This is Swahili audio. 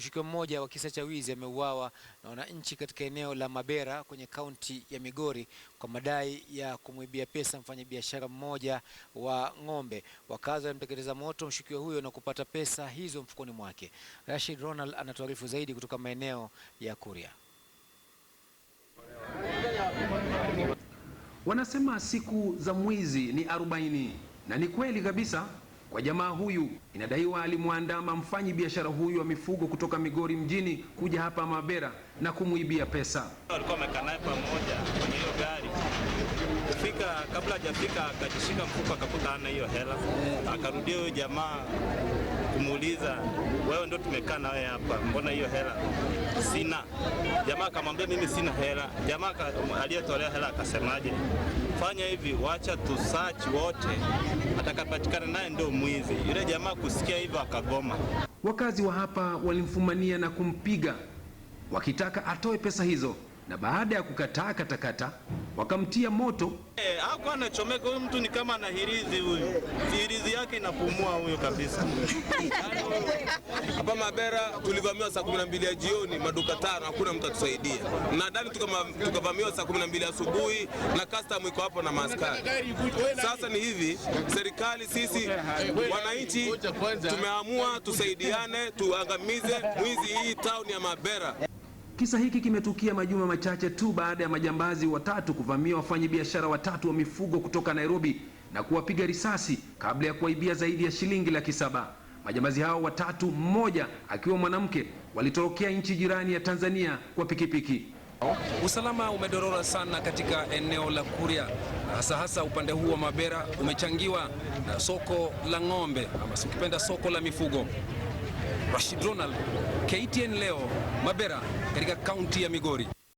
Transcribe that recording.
Mshukiwa mmoja wa kisa cha wizi ameuawa na wananchi katika eneo la Mabera kwenye kaunti ya Migori kwa madai ya kumwibia pesa mfanyabiashara mmoja wa ng'ombe. Wakazi walimteketeza moto mshukiwa huyo na kupata pesa hizo mfukoni mwake. Rashid Ronald anatuarifu zaidi kutoka maeneo ya Kuria. Wanasema siku za mwizi ni arobaini na ni kweli kabisa. Kwa jamaa huyu inadaiwa alimwandama mfanyi biashara huyu wa mifugo kutoka Migori mjini kuja hapa Mabera na kumwibia pesa. Alikuwa amekaa naye pamoja kwenye hiyo gari, kufika kabla hajafika akajishika mfuko akakuta ana hiyo hela, akarudia huyo jamaa kumuuliza, wewe ndio tumekaa nawe hapa, mbona hiyo hela sina? jamaa akamwambia mimi sina hela. Jamaa aliyetolea hela akasemaje? Fanya hivi, wacha tu search wote, atakapatikana naye ndio mwizi. Yule jamaa kusikia hivyo akagoma. Wakazi wa hapa walimfumania na kumpiga wakitaka atoe pesa hizo na baada ya kukataa katakata wakamtia moto. Eh, hakuwa anachomeka huyu mtu, ni kama anahirizi huyu, hirizi yake inapumua huyo kabisa. Hapa Mabera tulivamiwa saa mbili ya jioni, maduka tano, hakuna mtu atusaidia. Nadhani tukavamiwa saa mbili asubuhi na kastam iko hapo na maskari Sasa ni hivi, serikali, sisi wananchi tumeamua tusaidiane, tuangamize mwizi hii tauni ya Mabera. Kisa hiki kimetukia majuma machache tu baada ya majambazi watatu kuvamia wafanyabiashara watatu wa mifugo kutoka Nairobi na kuwapiga risasi kabla ya kuwaibia zaidi ya shilingi laki saba. Majambazi hao watatu, mmoja akiwa mwanamke, walitorokea nchi jirani ya Tanzania kwa pikipiki. Usalama umedorora sana katika eneo la Kuria, hasa hasa upande huu wa Mabera, umechangiwa na soko la ng'ombe ama ukipenda soko la mifugo. Rashid Ronald, KTN leo Mabera katika kaunti ya Migori.